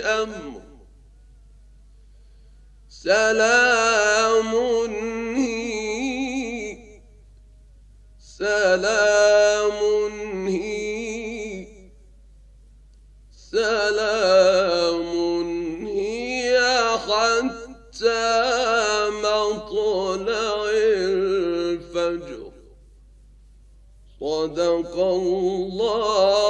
أمر سلام هي سلام هي سلام هي حتى مطلع الفجر صدق الله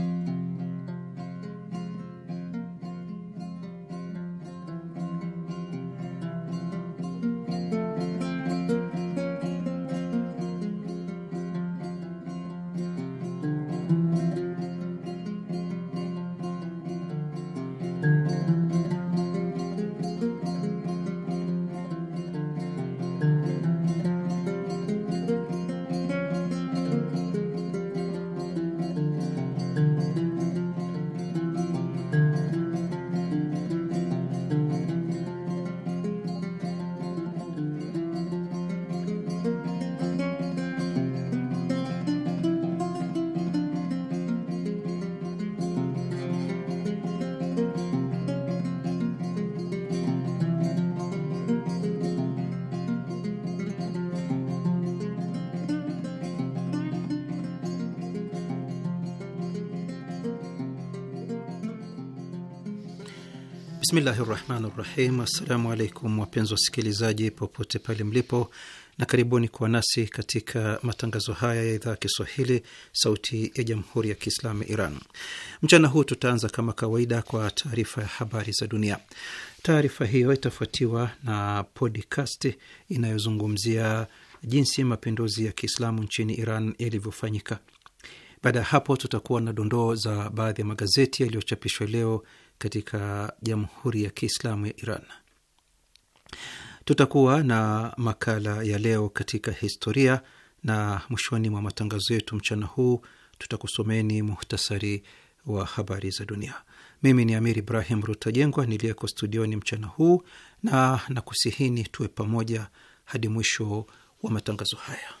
Bismillahi rahmani rahim. Assalamu alaikum wapenzi wasikilizaji popote pale mlipo, na karibuni kuwa nasi katika matangazo haya ya idhaa ya Kiswahili sauti ya jamhuri ya Kiislamu Iran. Mchana huu tutaanza kama kawaida kwa taarifa ya habari za dunia. Taarifa hiyo itafuatiwa na podcast inayozungumzia jinsi mapinduzi ya Kiislamu nchini Iran yalivyofanyika. Baada ya hapo, tutakuwa na dondoo za baadhi ya magazeti yaliyochapishwa leo katika Jamhuri ya Kiislamu ya Iran. Tutakuwa na makala ya leo katika historia, na mwishoni mwa matangazo yetu mchana huu tutakusomeni muhtasari wa habari za dunia. Mimi ni Amir Ibrahim Rutajengwa niliyeko studioni mchana huu, na nakusihini tuwe pamoja hadi mwisho wa matangazo haya.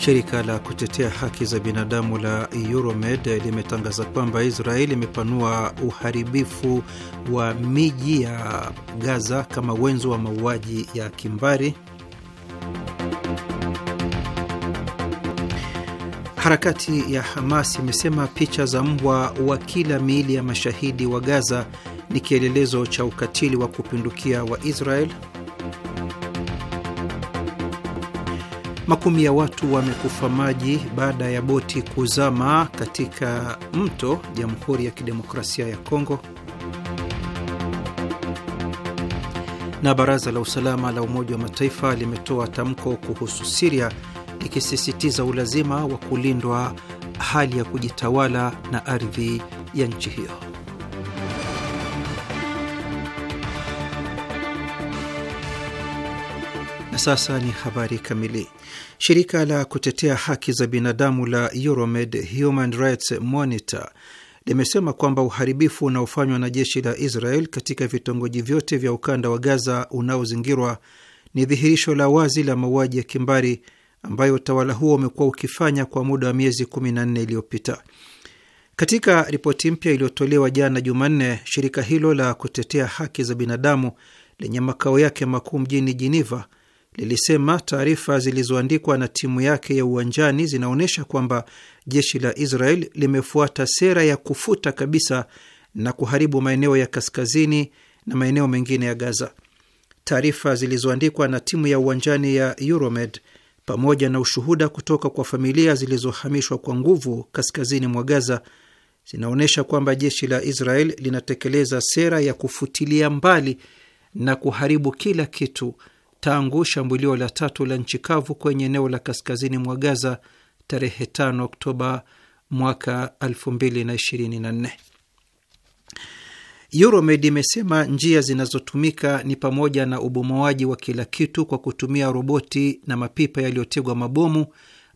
Shirika la kutetea haki za binadamu la Euromed limetangaza kwamba Israeli imepanua uharibifu wa miji ya Gaza kama wenzo wa mauaji ya kimbari. Harakati ya Hamas imesema picha za mbwa wa kila miili ya mashahidi wa Gaza ni kielelezo cha ukatili wa kupindukia wa Israeli. Makumi ya watu wamekufa maji baada ya boti kuzama katika mto Jamhuri ya Kidemokrasia ya Kongo. Na baraza la usalama la Umoja wa Mataifa limetoa tamko kuhusu Siria likisisitiza ulazima wa kulindwa hali ya kujitawala na ardhi ya nchi hiyo. sasa ni habari kamili. Shirika la kutetea haki za binadamu la Euromed Human Rights Monitor limesema kwamba uharibifu unaofanywa na jeshi la Israel katika vitongoji vyote vya ukanda wa Gaza unaozingirwa ni dhihirisho la wazi la mauaji ya kimbari ambayo utawala huo umekuwa ukifanya kwa muda wa miezi 14 iliyopita. Katika ripoti mpya iliyotolewa jana Jumanne, shirika hilo la kutetea haki za binadamu lenye makao yake makuu mjini Jiniva lilisema taarifa zilizoandikwa na timu yake ya uwanjani zinaonyesha kwamba jeshi la Israel limefuata sera ya kufuta kabisa na kuharibu maeneo ya kaskazini na maeneo mengine ya Gaza. Taarifa zilizoandikwa na timu ya uwanjani ya Euromed pamoja na ushuhuda kutoka kwa familia zilizohamishwa kwa nguvu kaskazini mwa Gaza zinaonyesha kwamba jeshi la Israel linatekeleza sera ya kufutilia mbali na kuharibu kila kitu tangu shambulio la tatu la nchi kavu kwenye eneo la kaskazini mwa Gaza tarehe 5 Oktoba mwaka 2024. Euromed imesema njia zinazotumika ni pamoja na ubomoaji wa kila kitu kwa kutumia roboti na mapipa yaliyotegwa mabomu,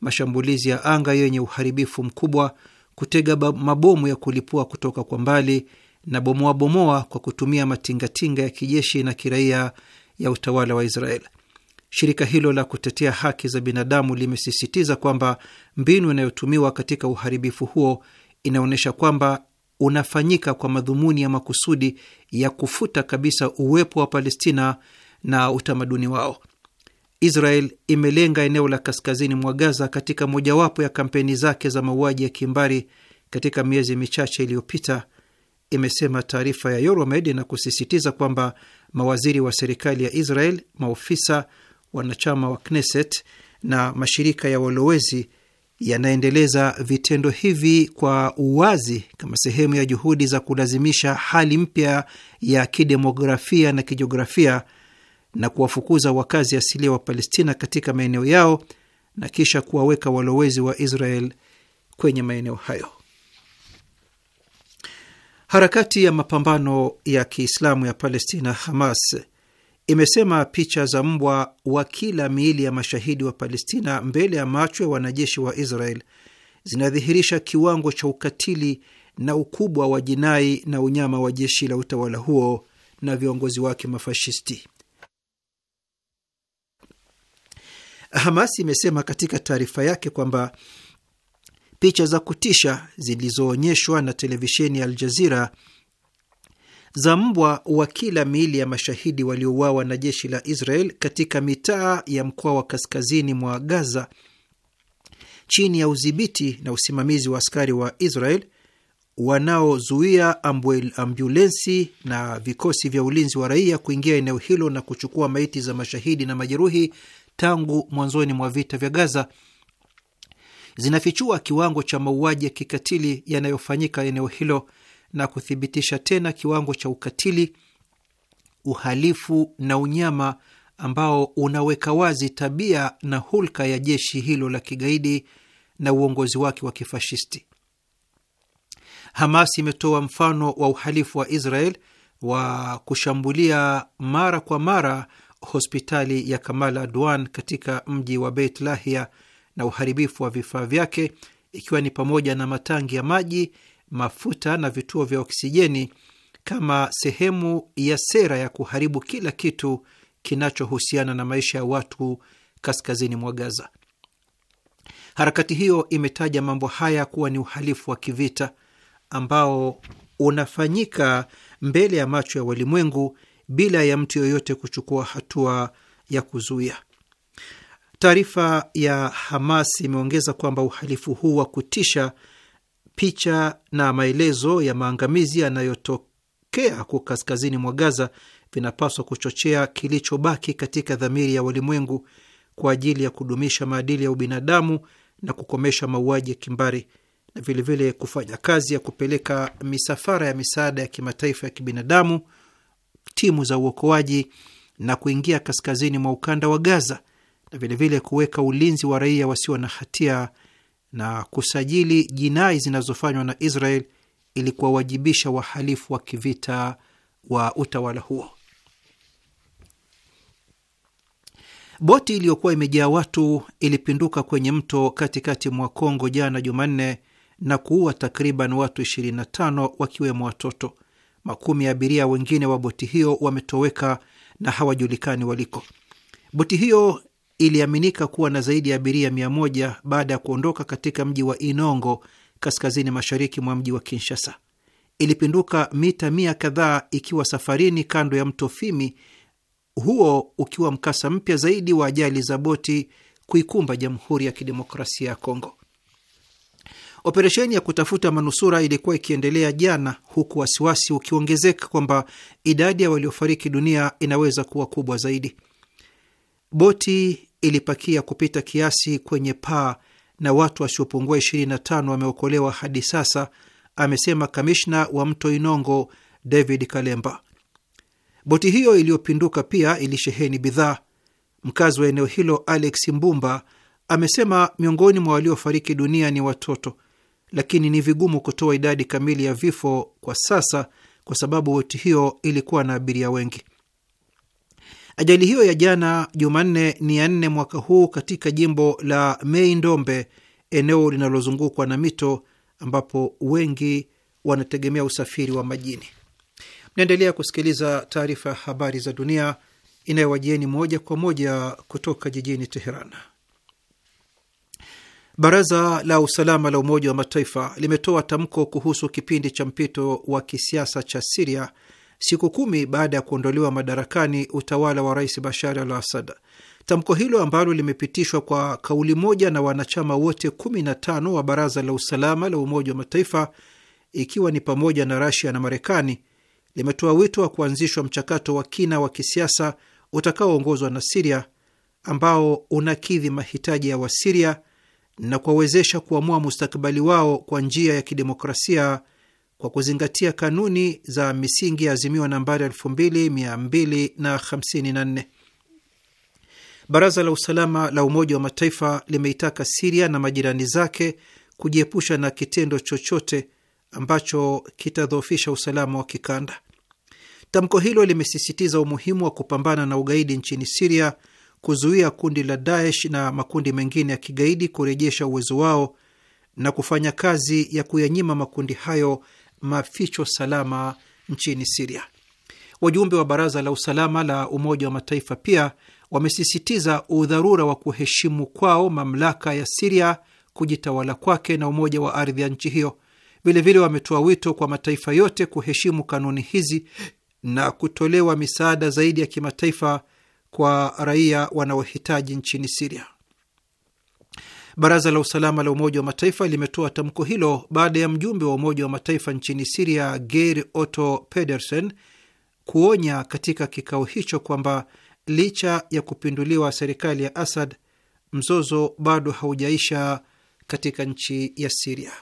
mashambulizi ya anga yenye uharibifu mkubwa, kutega mabomu ya kulipua kutoka kwa mbali na bomoabomoa kwa kutumia matingatinga ya kijeshi na kiraia ya utawala wa Israel. Shirika hilo la kutetea haki za binadamu limesisitiza kwamba mbinu inayotumiwa katika uharibifu huo inaonyesha kwamba unafanyika kwa madhumuni ya makusudi ya kufuta kabisa uwepo wa Palestina na utamaduni wao. Israel imelenga eneo la kaskazini mwa Gaza katika mojawapo ya kampeni zake za mauaji ya kimbari katika miezi michache iliyopita, imesema taarifa ya Euromed na kusisitiza kwamba mawaziri wa serikali ya Israel, maofisa wanachama wa Knesset na mashirika ya walowezi yanaendeleza vitendo hivi kwa uwazi kama sehemu ya juhudi za kulazimisha hali mpya ya kidemografia na kijiografia na kuwafukuza wakazi asilia wa Palestina katika maeneo yao na kisha kuwaweka walowezi wa Israel kwenye maeneo hayo. Harakati ya mapambano ya Kiislamu ya Palestina, Hamas, imesema picha za mbwa wa kila miili ya mashahidi wa Palestina mbele ya macho ya wanajeshi wa Israel zinadhihirisha kiwango cha ukatili na ukubwa wa jinai na unyama wa jeshi la utawala huo na viongozi wake mafashisti. Hamas imesema katika taarifa yake kwamba Picha za kutisha zilizoonyeshwa na televisheni ya Aljazira za mbwa wa kila miili ya mashahidi waliouawa na jeshi la Israel katika mitaa ya mkoa wa kaskazini mwa Gaza chini ya udhibiti na usimamizi wa askari wa Israel wanaozuia ambulensi na vikosi vya ulinzi wa raia kuingia eneo hilo na kuchukua maiti za mashahidi na majeruhi tangu mwanzoni mwa vita vya Gaza zinafichua kiwango cha mauaji ya kikatili yanayofanyika eneo hilo na kuthibitisha tena kiwango cha ukatili, uhalifu na unyama ambao unaweka wazi tabia na hulka ya jeshi hilo la kigaidi na uongozi wake wa kifashisti. Hamas imetoa mfano wa uhalifu wa Israel wa kushambulia mara kwa mara hospitali ya Kamal Adwan katika mji wa Beit Lahia na uharibifu wa vifaa vyake ikiwa ni pamoja na matangi ya maji, mafuta na vituo vya oksijeni kama sehemu ya sera ya kuharibu kila kitu kinachohusiana na maisha ya watu kaskazini mwa Gaza. Harakati hiyo imetaja mambo haya kuwa ni uhalifu wa kivita ambao unafanyika mbele ya macho ya walimwengu bila ya mtu yoyote kuchukua hatua ya kuzuia. Taarifa ya Hamas imeongeza kwamba uhalifu huu wa kutisha, picha na maelezo ya maangamizi yanayotokea huko kaskazini mwa Gaza vinapaswa kuchochea kilichobaki katika dhamiri ya walimwengu kwa ajili ya kudumisha maadili ya ubinadamu na kukomesha mauaji ya kimbari na vilevile vile kufanya kazi ya kupeleka misafara ya misaada ya kimataifa ya kibinadamu, timu za uokoaji na kuingia kaskazini mwa ukanda wa Gaza vilevile kuweka ulinzi wa raia wasio na hatia na kusajili jinai zinazofanywa na Israel ili kuwawajibisha wahalifu wa kivita wa utawala huo. Boti iliyokuwa imejaa watu ilipinduka kwenye mto katikati mwa Kongo jana Jumanne na kuua takriban watu 25 wakiwemo watoto. Makumi ya abiria wengine wa boti hiyo wametoweka na hawajulikani waliko. Boti hiyo iliaminika kuwa na zaidi ya abiria 1 baada ya kuondoka katika mji wa Inongo, kaskazini mashariki mwa mji wa Kinshasa. Ilipinduka mita mia kadhaa ikiwa safarini kando ya mto Fimi, huo ukiwa mkasa mpya zaidi wa ajali za boti kuikumba Jamhuri ya Kidemokrasia ya Kongo. Operesheni ya kutafuta manusura ilikuwa ikiendelea jana, huku wasiwasi ukiongezeka kwamba idadi ya waliofariki dunia inaweza kuwa kubwa zaidi. Boti ilipakia kupita kiasi kwenye paa na watu wasiopungua 25 wameokolewa hadi sasa, amesema kamishna wa mto Inongo David Kalemba. Boti hiyo iliyopinduka pia ilisheheni bidhaa. Mkazi wa eneo hilo Alex Mbumba amesema miongoni mwa waliofariki dunia ni watoto, lakini ni vigumu kutoa idadi kamili ya vifo kwa sasa, kwa sababu boti hiyo ilikuwa na abiria wengi. Ajali hiyo ya jana Jumanne ni ya nne mwaka huu katika jimbo la Mei Ndombe, eneo linalozungukwa na mito ambapo wengi wanategemea usafiri wa majini. Mnaendelea kusikiliza taarifa ya habari za dunia inayowajieni moja kwa moja kutoka jijini Teheran. Baraza la usalama la Umoja wa Mataifa limetoa tamko kuhusu kipindi cha mpito wa kisiasa cha Siria siku kumi baada ya kuondolewa madarakani utawala wa Rais Bashar al Assad. Tamko hilo ambalo limepitishwa kwa kauli moja na wanachama wote 15 wa Baraza la Usalama la Umoja wa Mataifa, ikiwa ni pamoja na Rasia na Marekani, limetoa wito wa kuanzishwa mchakato wa kina wa kisiasa utakaoongozwa na Siria ambao unakidhi mahitaji ya Wasiria na kuwawezesha kuamua mustakabali wao kwa njia ya kidemokrasia kwa kuzingatia kanuni za misingi ya azimio nambari 2254. Baraza la Usalama la Umoja wa Mataifa limeitaka Siria na majirani zake kujiepusha na kitendo chochote ambacho kitadhoofisha usalama wa kikanda. Tamko hilo limesisitiza umuhimu wa kupambana na ugaidi nchini Siria, kuzuia kundi la Daesh na makundi mengine ya kigaidi kurejesha uwezo wao na kufanya kazi ya kuyanyima makundi hayo maficho salama nchini Siria. Wajumbe wa Baraza la Usalama la Umoja wa Mataifa pia wamesisitiza udharura wa kuheshimu kwao mamlaka ya Siria, kujitawala kwake na umoja wa ardhi ya nchi hiyo. Vilevile wametoa wito kwa mataifa yote kuheshimu kanuni hizi na kutolewa misaada zaidi ya kimataifa kwa raia wanaohitaji nchini Siria. Baraza la usalama la Umoja wa Mataifa limetoa tamko hilo baada ya mjumbe wa Umoja wa Mataifa nchini Siria Geir Otto Pedersen kuonya katika kikao hicho kwamba licha ya kupinduliwa serikali ya Asad, mzozo bado haujaisha katika nchi ya Siria.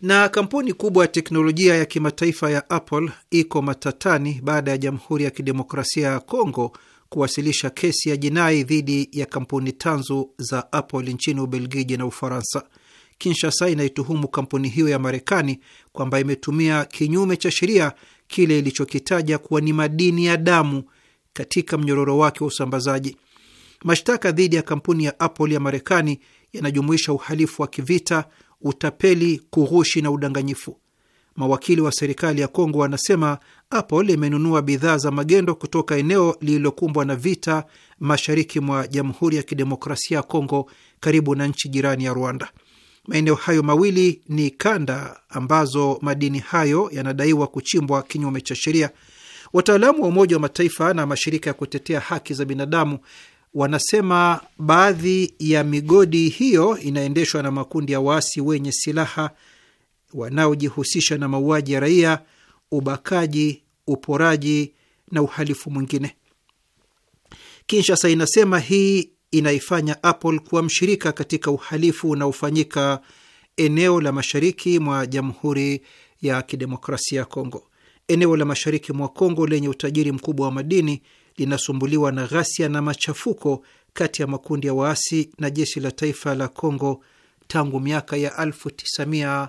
Na kampuni kubwa ya teknolojia ya kimataifa ya Apple iko matatani baada ya Jamhuri ya Kidemokrasia ya Kongo kuwasilisha kesi ya jinai dhidi ya kampuni tanzu za Apple nchini Ubelgiji na Ufaransa. Kinshasa inaituhumu kampuni hiyo ya Marekani kwamba imetumia kinyume cha sheria kile ilichokitaja kuwa ni madini ya damu katika mnyororo wake wa usambazaji. Mashtaka dhidi ya kampuni ya Apple ya Marekani yanajumuisha uhalifu wa kivita, utapeli, kughushi na udanganyifu. Mawakili wa serikali ya Kongo wanasema Apple imenunua bidhaa za magendo kutoka eneo lililokumbwa na vita mashariki mwa Jamhuri ya Kidemokrasia ya Kongo karibu na nchi jirani ya Rwanda. Maeneo hayo mawili ni kanda ambazo madini hayo yanadaiwa kuchimbwa kinyume cha sheria. Wataalamu wa Umoja wa Mataifa na mashirika ya kutetea haki za binadamu wanasema baadhi ya migodi hiyo inaendeshwa na makundi ya waasi wenye silaha wanaojihusisha na mauaji ya raia ubakaji, uporaji na uhalifu mwingine. Kinshasa inasema hii inaifanya Apple kuwa mshirika katika uhalifu unaofanyika eneo la mashariki mwa Jamhuri ya Kidemokrasia ya Kongo. Eneo la mashariki mwa Kongo lenye utajiri mkubwa wa madini linasumbuliwa na ghasia na machafuko kati ya makundi ya waasi na jeshi la taifa la Kongo tangu miaka ya 19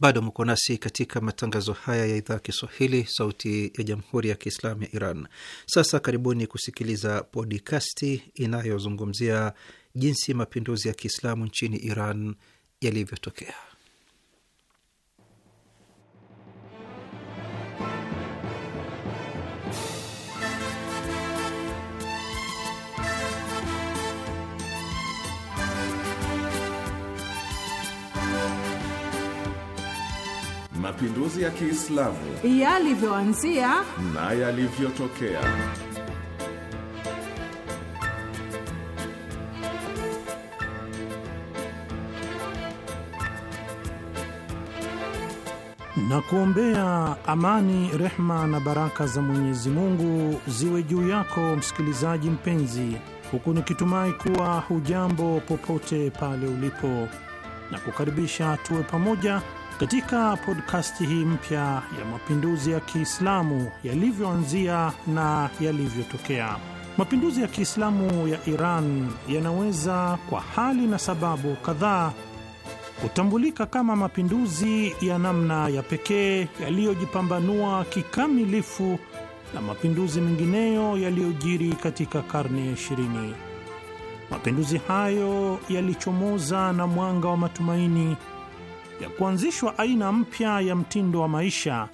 Bado mko nasi katika matangazo haya ya idhaa Kiswahili, sauti ya jamhuri ya kiislamu ya Iran. Sasa karibuni kusikiliza podikasti inayozungumzia jinsi mapinduzi ya kiislamu nchini Iran yalivyotokea. mapinduzi ya Kiislamu yalivyoanzia na yalivyotokea. na kuombea amani, rehma na baraka za Mwenyezi Mungu ziwe juu yako msikilizaji mpenzi, huku nikitumai kuwa hujambo popote pale ulipo, na kukaribisha tuwe pamoja katika podkasti hii mpya ya mapinduzi ya Kiislamu yalivyoanzia na yalivyotokea, mapinduzi ya Kiislamu ya Iran yanaweza kwa hali na sababu kadhaa kutambulika kama mapinduzi ya namna ya pekee yaliyojipambanua kikamilifu na mapinduzi mengineyo yaliyojiri katika karne ya ishirini. Mapinduzi hayo yalichomoza na mwanga wa matumaini ya kuanzishwa aina mpya ya mtindo wa maisha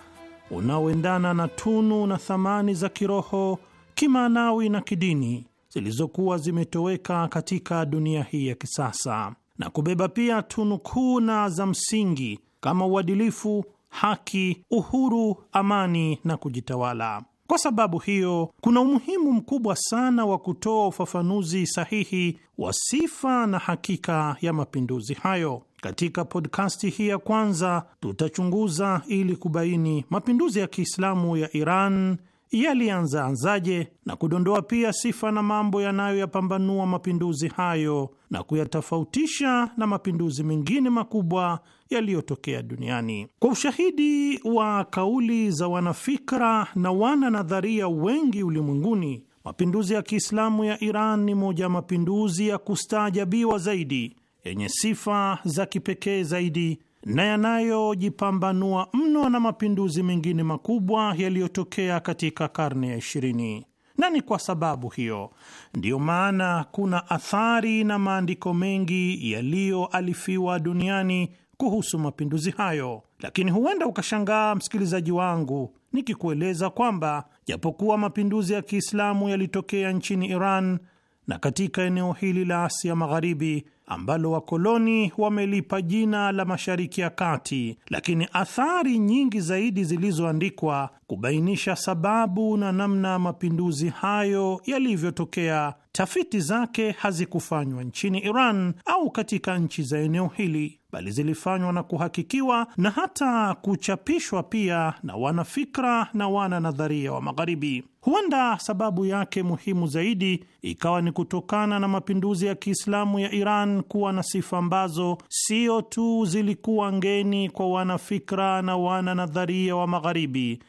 unaoendana na tunu na thamani za kiroho, kimaanawi na kidini zilizokuwa zimetoweka katika dunia hii ya kisasa na kubeba pia tunu kuu na za msingi kama uadilifu, haki, uhuru, amani na kujitawala. Kwa sababu hiyo, kuna umuhimu mkubwa sana wa kutoa ufafanuzi sahihi wa sifa na hakika ya mapinduzi hayo. Katika podkasti hii ya kwanza tutachunguza ili kubaini mapinduzi ya Kiislamu ya Iran yalianza anzaje na kudondoa pia sifa na mambo yanayoyapambanua mapinduzi hayo na kuyatofautisha na mapinduzi mengine makubwa yaliyotokea duniani. Kwa ushahidi wa kauli za wanafikra na wana nadharia wengi ulimwenguni, mapinduzi ya Kiislamu ya Iran ni moja ya mapinduzi ya kustaajabiwa zaidi yenye sifa za kipekee zaidi na yanayojipambanua mno na mapinduzi mengine makubwa yaliyotokea katika karne ya ishirini, na ni kwa sababu hiyo ndiyo maana kuna athari na maandiko mengi yaliyoalifiwa duniani kuhusu mapinduzi hayo. Lakini huenda ukashangaa, msikilizaji wangu, nikikueleza kwamba japokuwa mapinduzi ya Kiislamu yalitokea nchini Iran na katika eneo hili la Asia Magharibi, ambalo wakoloni wamelipa jina la Mashariki ya Kati, lakini athari nyingi zaidi zilizoandikwa kubainisha sababu na namna mapinduzi hayo yalivyotokea, tafiti zake hazikufanywa nchini Iran au katika nchi za eneo hili bali zilifanywa na kuhakikiwa na hata kuchapishwa pia na wanafikra na wana nadharia wa Magharibi. Huenda sababu yake muhimu zaidi ikawa ni kutokana na mapinduzi ya Kiislamu ya Iran kuwa na sifa ambazo sio tu zilikuwa ngeni kwa wanafikra na wana nadharia wa Magharibi,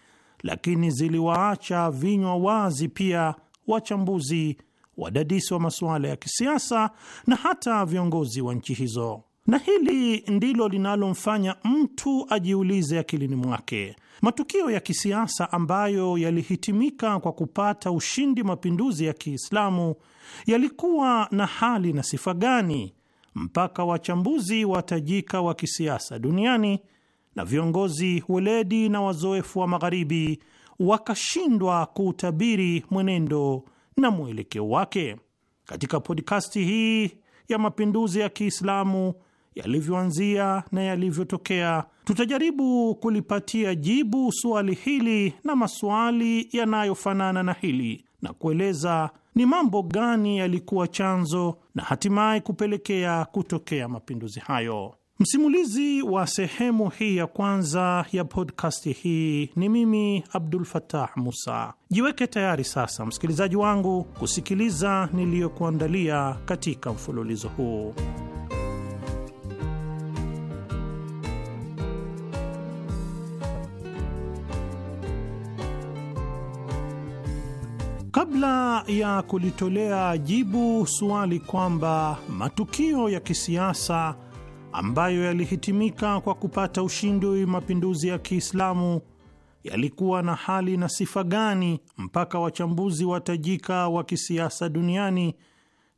lakini ziliwaacha vinywa wazi pia wachambuzi, wadadisi wa masuala ya kisiasa na hata viongozi wa nchi hizo na hili ndilo linalomfanya mtu ajiulize akilini mwake, matukio ya kisiasa ambayo yalihitimika kwa kupata ushindi mapinduzi ya Kiislamu yalikuwa na hali na sifa gani mpaka wachambuzi watajika wa kisiasa duniani na viongozi weledi na wazoefu wa Magharibi wakashindwa kuutabiri mwenendo na mwelekeo wake. Katika podkasti hii ya mapinduzi ya Kiislamu yalivyoanzia na yalivyotokea. Tutajaribu kulipatia jibu suali hili na masuali yanayofanana na hili na kueleza ni mambo gani yalikuwa chanzo na hatimaye kupelekea kutokea mapinduzi hayo. Msimulizi wa sehemu hii ya kwanza ya podkasti hii ni mimi Abdul fatah Musa. Jiweke tayari sasa, msikilizaji wangu, kusikiliza niliyokuandalia katika mfululizo huu. Kabla ya kulitolea jibu suali kwamba matukio ya kisiasa ambayo yalihitimika kwa kupata ushindi wa mapinduzi ya Kiislamu yalikuwa na hali na sifa gani mpaka wachambuzi watajika wa kisiasa duniani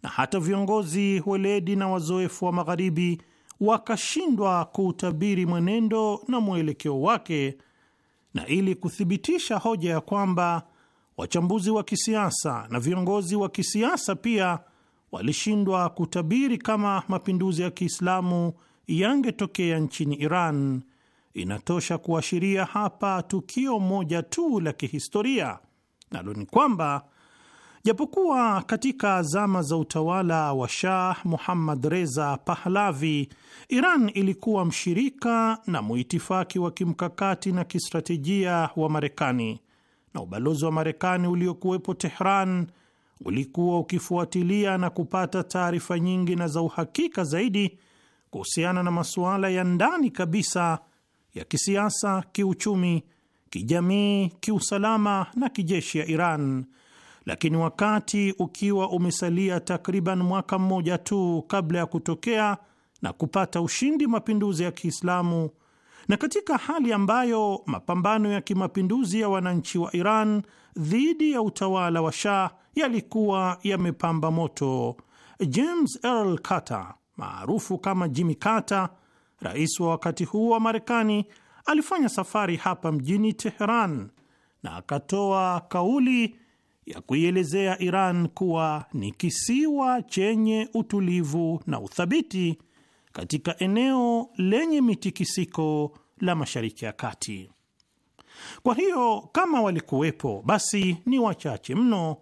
na hata viongozi weledi na wazoefu wa Magharibi wakashindwa kuutabiri mwenendo na mwelekeo wake, na ili kuthibitisha hoja ya kwamba wachambuzi wa kisiasa na viongozi wa kisiasa pia walishindwa kutabiri kama mapinduzi ya Kiislamu yangetokea nchini Iran, inatosha kuashiria hapa tukio moja tu la kihistoria, nalo ni kwamba japokuwa katika zama za utawala wa Shah Muhammad Reza Pahlavi, Iran ilikuwa mshirika na mwitifaki wa kimkakati na kistratejia wa Marekani na ubalozi wa Marekani uliokuwepo Tehran ulikuwa ukifuatilia na kupata taarifa nyingi na za uhakika zaidi kuhusiana na masuala ya ndani kabisa ya kisiasa, kiuchumi, kijamii, kiusalama na kijeshi ya Iran. Lakini wakati ukiwa umesalia takriban mwaka mmoja tu kabla ya kutokea na kupata ushindi mapinduzi ya Kiislamu na katika hali ambayo mapambano ya kimapinduzi ya wananchi wa Iran dhidi ya utawala wa Shah yalikuwa yamepamba moto, James Earl Carter maarufu kama Jimmy Carter, rais wa wakati huo wa Marekani, alifanya safari hapa mjini Teheran na akatoa kauli ya kuielezea Iran kuwa ni kisiwa chenye utulivu na uthabiti katika eneo lenye mitikisiko la Mashariki ya Kati. Kwa hiyo kama walikuwepo, basi ni wachache mno,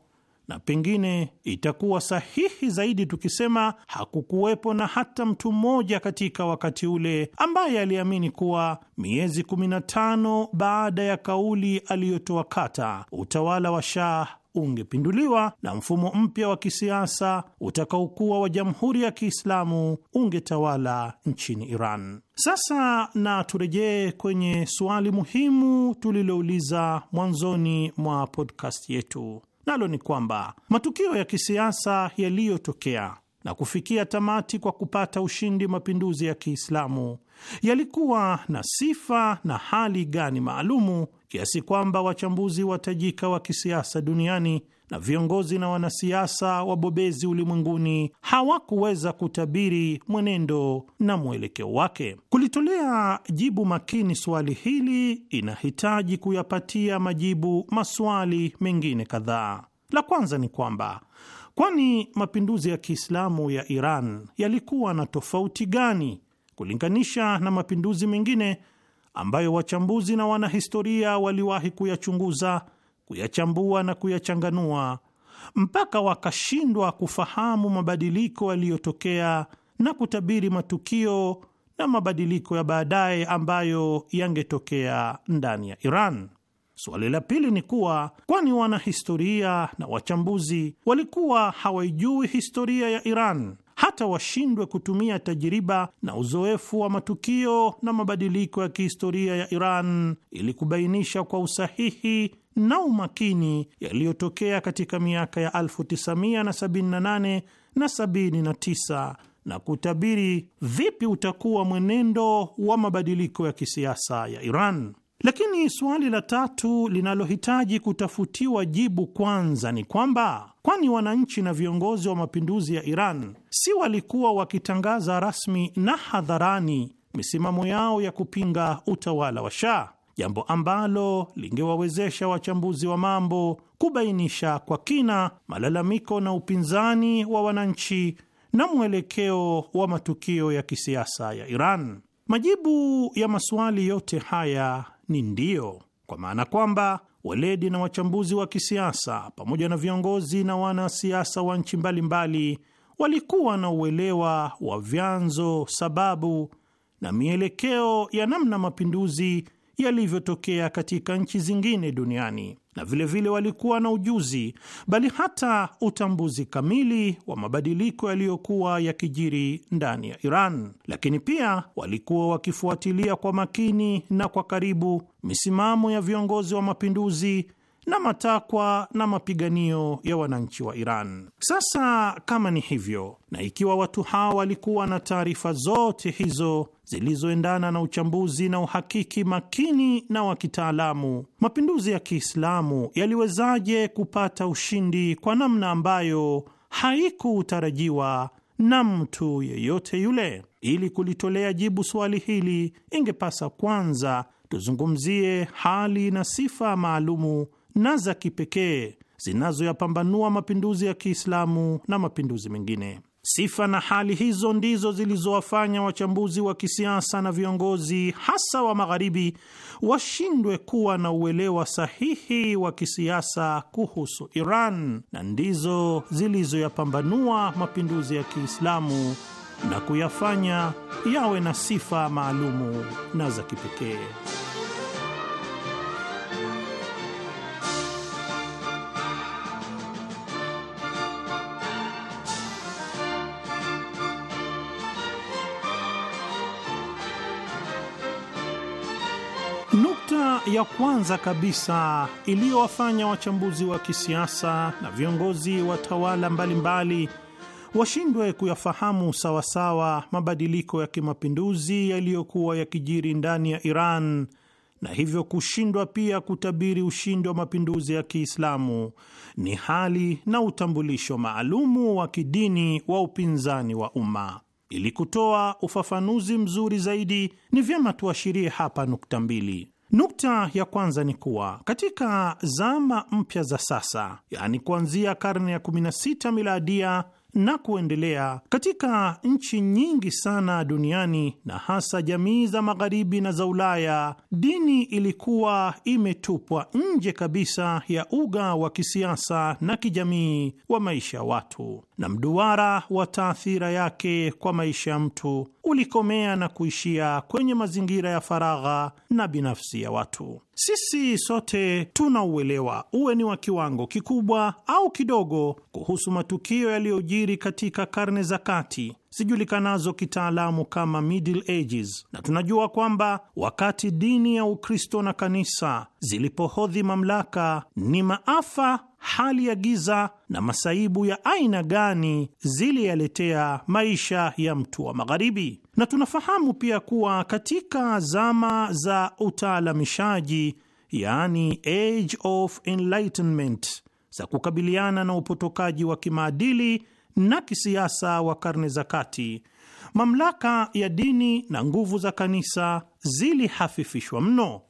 na pengine itakuwa sahihi zaidi tukisema hakukuwepo na hata mtu mmoja katika wakati ule ambaye aliamini kuwa miezi 15 baada ya kauli aliyotoa Kata, utawala wa Shah ungepinduliwa na mfumo mpya wa kisiasa utakaokuwa wa Jamhuri ya Kiislamu ungetawala nchini Iran. Sasa na turejee kwenye suali muhimu tulilouliza mwanzoni mwa podcast yetu, nalo ni kwamba matukio ya kisiasa yaliyotokea na kufikia tamati kwa kupata ushindi mapinduzi ya Kiislamu yalikuwa na sifa na hali gani maalumu kiasi kwamba wachambuzi watajika wa kisiasa duniani na viongozi na wanasiasa wabobezi ulimwenguni hawakuweza kutabiri mwenendo na mwelekeo wake. Kulitolea jibu makini swali hili inahitaji kuyapatia majibu maswali mengine kadhaa. La kwanza ni kwamba kwani mapinduzi ya Kiislamu ya Iran yalikuwa na tofauti gani kulinganisha na mapinduzi mengine ambayo wachambuzi na wanahistoria waliwahi kuyachunguza, kuyachambua na kuyachanganua mpaka wakashindwa kufahamu mabadiliko yaliyotokea na kutabiri matukio na mabadiliko ya baadaye ambayo yangetokea ndani ya Iran. Suali la pili ni kuwa kwani wanahistoria na wachambuzi walikuwa hawaijui historia ya Iran hata washindwe kutumia tajiriba na uzoefu wa matukio na mabadiliko ya kihistoria ya Iran ili kubainisha kwa usahihi na umakini yaliyotokea katika miaka ya 1978 na 79 na kutabiri vipi utakuwa mwenendo wa mabadiliko ya kisiasa ya Iran. Lakini suali la tatu linalohitaji kutafutiwa jibu kwanza ni kwamba kwani wananchi na viongozi wa mapinduzi ya Iran si walikuwa wakitangaza rasmi na hadharani misimamo yao ya kupinga utawala wa Shah, jambo ambalo lingewawezesha wachambuzi wa mambo kubainisha kwa kina malalamiko na upinzani wa wananchi na mwelekeo wa matukio ya kisiasa ya Iran. Majibu ya masuali yote haya ni ndiyo, kwa maana kwamba weledi na wachambuzi wa kisiasa pamoja na viongozi na wanasiasa wa nchi mbalimbali walikuwa na uelewa wa vyanzo, sababu na mielekeo ya namna mapinduzi yalivyotokea katika nchi zingine duniani na vilevile vile walikuwa na ujuzi, bali hata utambuzi kamili wa mabadiliko yaliyokuwa yakijiri ndani ya Iran. Lakini pia walikuwa wakifuatilia kwa makini na kwa karibu misimamo ya viongozi wa mapinduzi na matakwa na mapiganio ya wananchi wa Iran. Sasa kama ni hivyo, na ikiwa watu hawa walikuwa na taarifa zote hizo zilizoendana na uchambuzi na uhakiki makini na wa kitaalamu, mapinduzi ya Kiislamu yaliwezaje kupata ushindi kwa namna ambayo haikutarajiwa na mtu yeyote yule? Ili kulitolea jibu swali hili, ingepasa kwanza tuzungumzie hali na sifa maalumu na za kipekee zinazoyapambanua mapinduzi ya Kiislamu na mapinduzi mengine. Sifa na hali hizo ndizo zilizowafanya wachambuzi wa kisiasa na viongozi hasa wa Magharibi washindwe kuwa na uelewa sahihi wa kisiasa kuhusu Iran na ndizo zilizoyapambanua mapinduzi ya Kiislamu na kuyafanya yawe na sifa maalumu na za kipekee. ya kwanza kabisa iliyowafanya wachambuzi wa kisiasa na viongozi wa tawala mbalimbali washindwe kuyafahamu sawasawa mabadiliko ya kimapinduzi yaliyokuwa yakijiri ndani ya Iran na hivyo kushindwa pia kutabiri ushindi wa mapinduzi ya Kiislamu ni hali na utambulisho maalumu wa kidini wa upinzani wa umma. Ili kutoa ufafanuzi mzuri zaidi, ni vyema tuashirie hapa nukta mbili. Nukta ya kwanza ni kuwa katika zama mpya za sasa, yaani kuanzia karne ya 16 miladia na kuendelea, katika nchi nyingi sana duniani na hasa jamii za magharibi na za Ulaya, dini ilikuwa imetupwa nje kabisa ya uga wa kisiasa na kijamii wa maisha ya watu na mduara wa taathira yake kwa maisha ya mtu ulikomea na kuishia kwenye mazingira ya faragha na binafsi ya watu. Sisi sote tunauelewa, uwe ni wa kiwango kikubwa au kidogo, kuhusu matukio yaliyojiri katika karne za kati zijulikanazo kitaalamu kama Middle Ages, na tunajua kwamba wakati dini ya Ukristo na kanisa zilipohodhi mamlaka, ni maafa hali ya giza na masaibu ya aina gani ziliyaletea maisha ya mtu wa Magharibi. Na tunafahamu pia kuwa katika zama za utaalamishaji, yani age of enlightenment, za kukabiliana na upotokaji wa kimaadili na kisiasa wa karne za kati, mamlaka ya dini na nguvu za kanisa zilihafifishwa mno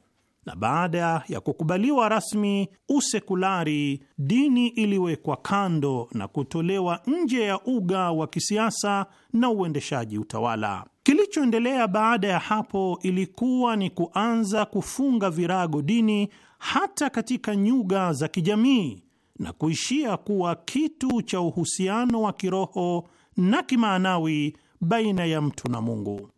na baada ya kukubaliwa rasmi usekulari, dini iliwekwa kando na kutolewa nje ya uga wa kisiasa na uendeshaji utawala. Kilichoendelea baada ya hapo ilikuwa ni kuanza kufunga virago dini hata katika nyuga za kijamii na kuishia kuwa kitu cha uhusiano wa kiroho na kimaanawi baina ya mtu na Mungu.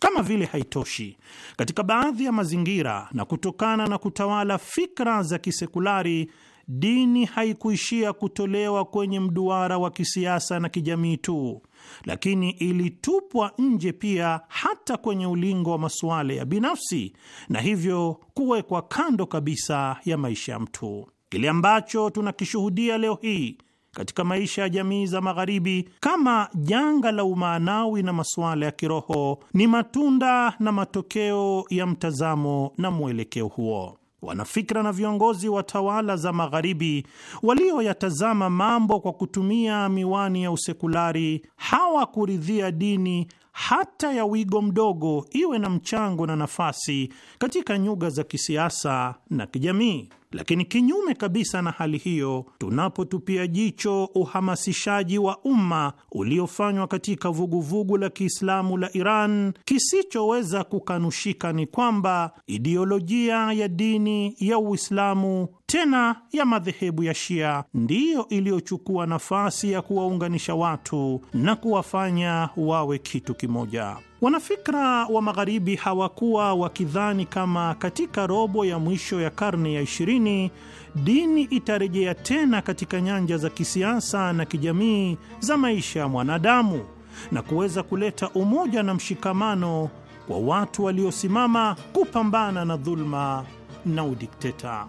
Kama vile haitoshi, katika baadhi ya mazingira na kutokana na kutawala fikra za kisekulari, dini haikuishia kutolewa kwenye mduara wa kisiasa na kijamii tu, lakini ilitupwa nje pia hata kwenye ulingo wa masuala ya binafsi na hivyo kuwekwa kando kabisa ya maisha ya mtu. Kile ambacho tunakishuhudia leo hii katika maisha ya jamii za Magharibi kama janga la umaanawi na masuala ya kiroho ni matunda na matokeo ya mtazamo na mwelekeo huo. Wanafikra na viongozi wa tawala za Magharibi walioyatazama mambo kwa kutumia miwani ya usekulari hawakuridhia dini hata ya wigo mdogo iwe na mchango na nafasi katika nyuga za kisiasa na kijamii. Lakini kinyume kabisa na hali hiyo, tunapotupia jicho uhamasishaji wa umma uliofanywa katika vuguvugu vugu la Kiislamu la Iran, kisichoweza kukanushika ni kwamba ideolojia ya dini ya Uislamu tena ya madhehebu ya Shia ndiyo iliyochukua nafasi ya kuwaunganisha watu na kuwafanya wawe kitu kimoja. Wanafikra wa Magharibi hawakuwa wakidhani kama katika robo ya mwisho ya karne ya 20 dini itarejea tena katika nyanja za kisiasa na kijamii za maisha ya mwanadamu na kuweza kuleta umoja na mshikamano kwa watu waliosimama kupambana na dhuluma na udikteta.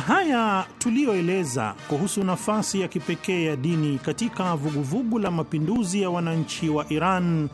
Haya tuliyoeleza kuhusu nafasi ya kipekee ya dini katika vuguvugu la mapinduzi ya wananchi wa Iran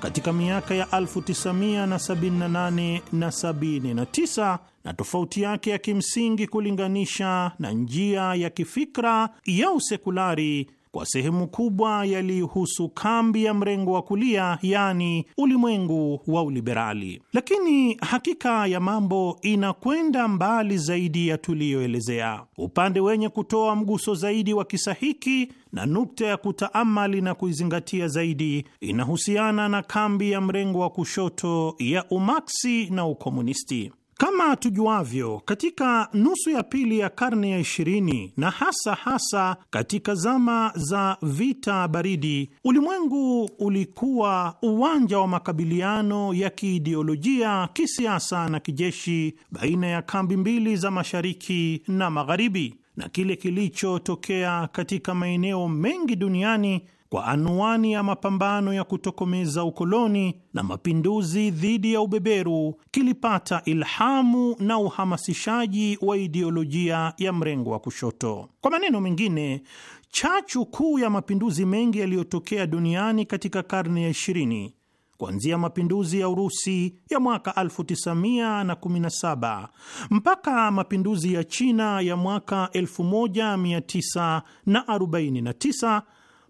katika miaka ya 1978 na 79 na tofauti yake ya kimsingi kulinganisha na njia ya kifikra ya usekulari kwa sehemu kubwa yalihusu kambi ya mrengo wa kulia, yaani ulimwengu wa uliberali. Lakini hakika ya mambo inakwenda mbali zaidi ya tuliyoelezea. Upande wenye kutoa mguso zaidi wa kisa hiki na nukta ya kutaamali na kuizingatia zaidi inahusiana na kambi ya mrengo wa kushoto ya umaksi na ukomunisti. Kama tujuavyo, katika nusu ya pili ya karne ya ishirini na hasa hasa katika zama za vita baridi, ulimwengu ulikuwa uwanja wa makabiliano ya kiideolojia kisiasa na kijeshi baina ya kambi mbili za mashariki na magharibi, na kile kilichotokea katika maeneo mengi duniani kwa anwani ya mapambano ya kutokomeza ukoloni na mapinduzi dhidi ya ubeberu kilipata ilhamu na uhamasishaji wa ideolojia ya mrengo wa kushoto. Kwa maneno mengine, chachu kuu ya mapinduzi mengi yaliyotokea duniani katika karne ya ishirini kuanzia mapinduzi ya Urusi ya mwaka 1917 mpaka mapinduzi ya China ya mwaka 1949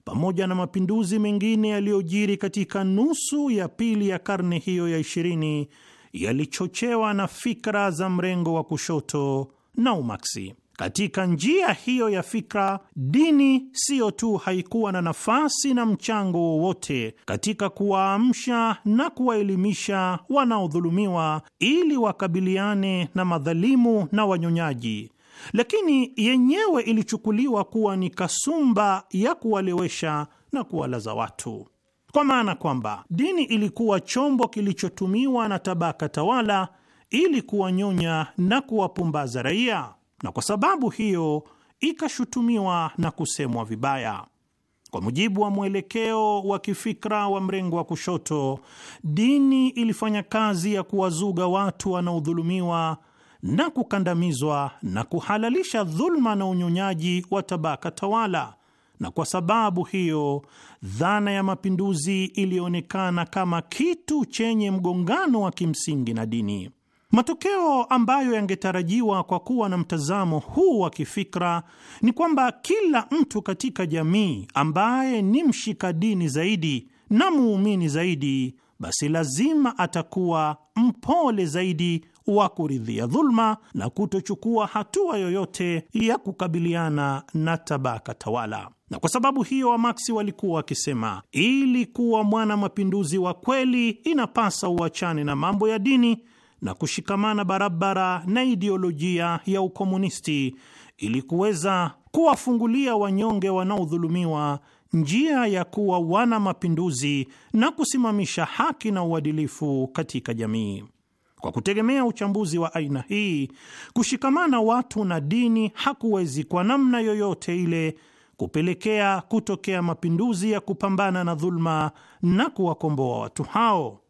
pamoja na mapinduzi mengine yaliyojiri katika nusu ya pili ya karne hiyo ya ishirini yalichochewa na fikra za mrengo wa kushoto na umaksi. Katika njia hiyo ya fikra, dini siyo tu haikuwa na nafasi na mchango wowote katika kuwaamsha na kuwaelimisha wanaodhulumiwa ili wakabiliane na madhalimu na wanyonyaji lakini yenyewe ilichukuliwa kuwa ni kasumba ya kuwalewesha na kuwalaza watu, kwa maana kwamba dini ilikuwa chombo kilichotumiwa na tabaka tawala ili kuwanyonya na kuwapumbaza raia, na kwa sababu hiyo ikashutumiwa na kusemwa vibaya. Kwa mujibu wa mwelekeo wa kifikra wa mrengo wa kushoto, dini ilifanya kazi ya kuwazuga watu wanaodhulumiwa na kukandamizwa na kuhalalisha dhulma na unyonyaji wa tabaka tawala, na kwa sababu hiyo dhana ya mapinduzi ilionekana kama kitu chenye mgongano wa kimsingi na dini. Matokeo ambayo yangetarajiwa kwa kuwa na mtazamo huu wa kifikra ni kwamba kila mtu katika jamii ambaye ni mshika dini zaidi na muumini zaidi basi lazima atakuwa mpole zaidi wa kuridhia dhuluma na kutochukua hatua yoyote ya kukabiliana na tabaka tawala. Na kwa sababu hiyo, Wamaksi walikuwa wakisema, ili kuwa mwana mapinduzi wa kweli inapasa uachane na mambo ya dini na kushikamana barabara na ideolojia ya ukomunisti ili kuweza kuwafungulia wanyonge wanaodhulumiwa njia ya kuwa wana mapinduzi na kusimamisha haki na uadilifu katika jamii. Kwa kutegemea uchambuzi wa aina hii, kushikamana watu na dini hakuwezi kwa namna yoyote ile kupelekea kutokea mapinduzi ya kupambana na dhuluma na kuwakomboa watu hao.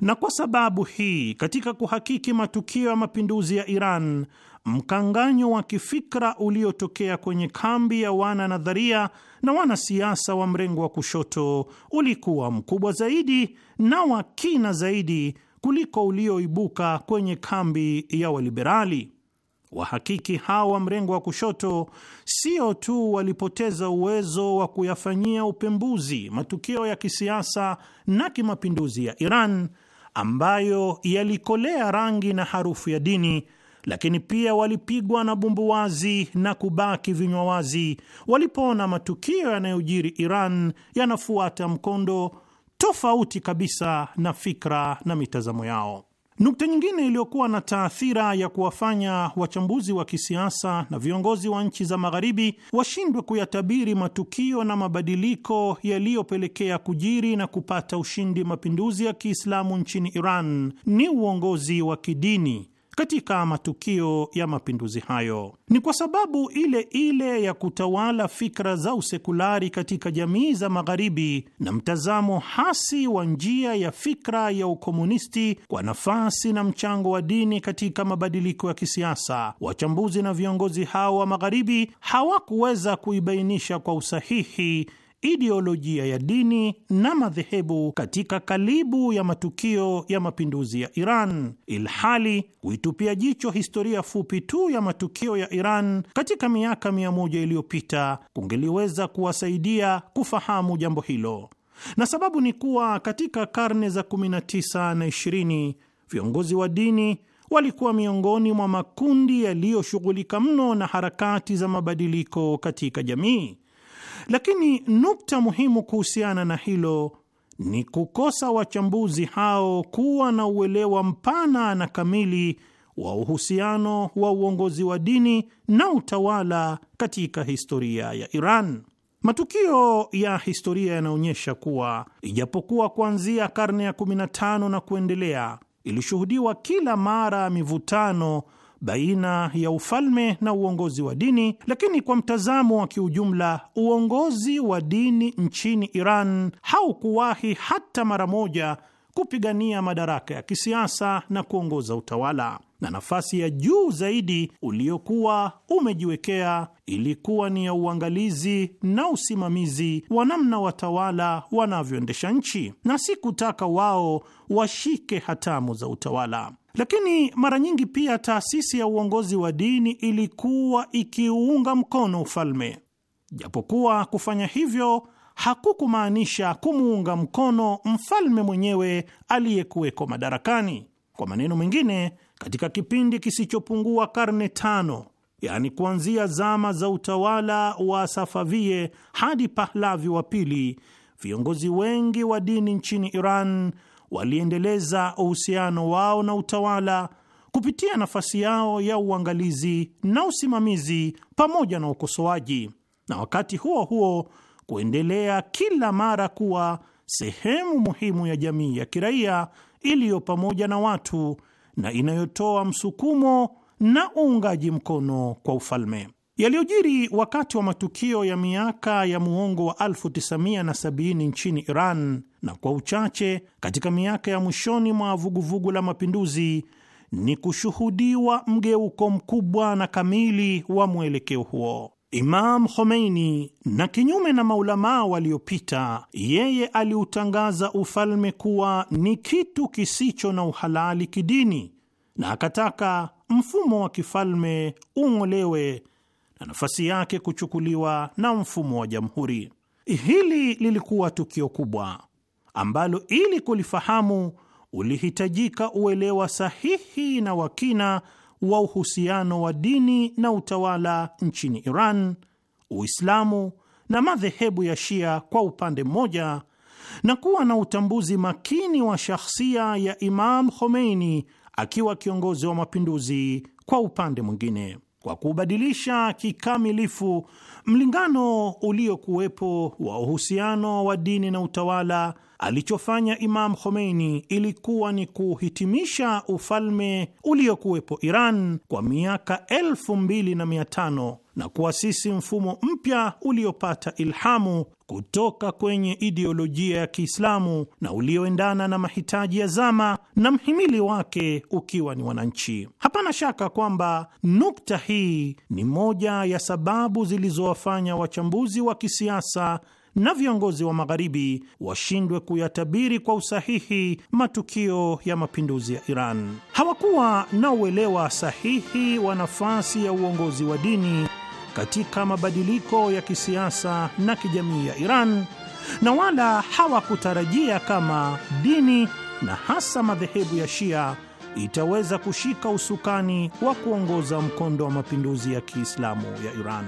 Na kwa sababu hii, katika kuhakiki matukio ya mapinduzi ya Iran, mkanganyo wa kifikra uliotokea kwenye kambi ya wananadharia na wanasiasa wa mrengo wa kushoto ulikuwa mkubwa zaidi na wa kina zaidi kuliko ulioibuka kwenye kambi ya waliberali. Wahakiki hawa wa mrengo wa kushoto sio tu walipoteza uwezo wa kuyafanyia upembuzi matukio ya kisiasa na kimapinduzi ya Iran ambayo yalikolea rangi na harufu ya dini lakini pia walipigwa na bumbuwazi na kubaki vinywa wazi walipoona matukio yanayojiri Iran yanafuata mkondo tofauti kabisa na fikra na mitazamo yao. Nukta nyingine iliyokuwa na taathira ya kuwafanya wachambuzi wa kisiasa na viongozi wa nchi za Magharibi washindwe kuyatabiri matukio na mabadiliko yaliyopelekea kujiri na kupata ushindi mapinduzi ya Kiislamu nchini Iran ni uongozi wa kidini katika matukio ya mapinduzi hayo. Ni kwa sababu ile ile ya kutawala fikra za usekulari katika jamii za Magharibi na mtazamo hasi wa njia ya fikra ya ukomunisti kwa nafasi na mchango wa dini katika mabadiliko ya kisiasa, wachambuzi na viongozi hao wa Magharibi hawakuweza kuibainisha kwa usahihi ideolojia ya dini na madhehebu katika kalibu ya matukio ya mapinduzi ya Iran, ilhali kuitupia jicho historia fupi tu ya matukio ya Iran katika miaka mia moja iliyopita kungeliweza kuwasaidia kufahamu jambo hilo, na sababu ni kuwa katika karne za 19 na 20 viongozi wa dini walikuwa miongoni mwa makundi yaliyoshughulika mno na harakati za mabadiliko katika jamii lakini nukta muhimu kuhusiana na hilo ni kukosa wachambuzi hao kuwa na uelewa mpana na kamili wa uhusiano wa uongozi wa dini na utawala katika historia ya Iran. Matukio ya historia yanaonyesha kuwa ijapokuwa kuanzia karne ya 15 na kuendelea ilishuhudiwa kila mara mivutano baina ya ufalme na uongozi wa dini, lakini kwa mtazamo wa kiujumla, uongozi wa dini nchini Iran haukuwahi hata mara moja kupigania madaraka ya kisiasa na kuongoza utawala, na nafasi ya juu zaidi uliokuwa umejiwekea ilikuwa ni ya uangalizi na usimamizi wa namna watawala wanavyoendesha nchi, na si kutaka wao washike hatamu za utawala. Lakini mara nyingi pia taasisi ya uongozi wa dini ilikuwa ikiuunga mkono ufalme, japokuwa kufanya hivyo hakukumaanisha kumuunga mkono mfalme mwenyewe aliyekuweko madarakani. Kwa maneno mengine, katika kipindi kisichopungua karne tano, yaani kuanzia zama za utawala wa Safavie hadi Pahlavi wa pili, viongozi wengi wa dini nchini Iran waliendeleza uhusiano wao na utawala kupitia nafasi yao ya uangalizi na usimamizi pamoja na ukosoaji, na wakati huo huo kuendelea kila mara kuwa sehemu muhimu ya jamii ya kiraia iliyo pamoja na watu na inayotoa msukumo na uungaji mkono kwa ufalme. Yaliyojiri wakati wa matukio ya miaka ya muongo wa 1970 nchini Iran na kwa uchache katika miaka ya mwishoni mwa vuguvugu la mapinduzi ni kushuhudiwa mgeuko mkubwa na kamili wa mwelekeo huo. Imam Khomeini, na kinyume na maulamaa waliopita, yeye aliutangaza ufalme kuwa ni kitu kisicho na uhalali kidini, na akataka mfumo wa kifalme ung'olewe na nafasi yake kuchukuliwa na mfumo wa jamhuri. Hili lilikuwa tukio kubwa ambalo ili kulifahamu ulihitajika uelewa sahihi na wakina wa uhusiano wa dini na utawala nchini Iran, Uislamu na madhehebu ya Shia kwa upande mmoja, na kuwa na utambuzi makini wa shahsia ya Imam Khomeini akiwa kiongozi wa mapinduzi kwa upande mwingine kwa kubadilisha kikamilifu mlingano uliokuwepo wa uhusiano wa dini na utawala. Alichofanya Imam Khomeini ilikuwa ni kuhitimisha ufalme uliokuwepo Iran kwa miaka elfu mbili na mia tano na kuasisi mfumo mpya uliopata ilhamu kutoka kwenye ideolojia ya Kiislamu na ulioendana na mahitaji ya zama na mhimili wake ukiwa ni wananchi. Hapana shaka kwamba nukta hii ni moja ya sababu zilizowafanya wachambuzi wa kisiasa na viongozi wa Magharibi washindwe kuyatabiri kwa usahihi matukio ya mapinduzi ya Iran. Hawakuwa na uelewa sahihi wa nafasi ya uongozi wa dini katika mabadiliko ya kisiasa na kijamii ya Iran, na wala hawakutarajia kama dini na hasa madhehebu ya Shia itaweza kushika usukani wa kuongoza mkondo wa mapinduzi ya Kiislamu ya Iran.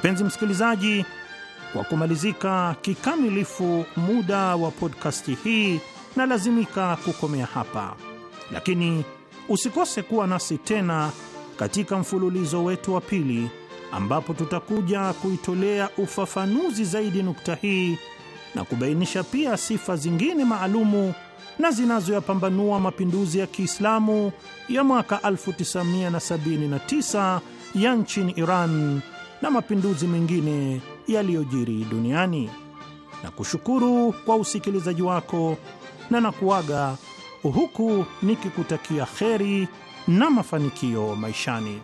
Mpenzi msikilizaji, kwa kumalizika kikamilifu muda wa podkasti hii, na lazimika kukomea hapa, lakini usikose kuwa nasi tena katika mfululizo wetu wa pili, ambapo tutakuja kuitolea ufafanuzi zaidi nukta hii na kubainisha pia sifa zingine maalumu na zinazoyapambanua mapinduzi ya Kiislamu ya mwaka 1979 ya nchini Iran na mapinduzi mengine yaliyojiri duniani. Na kushukuru kwa usikilizaji wako na nakuaga huku nikikutakia kheri na mafanikio maishani.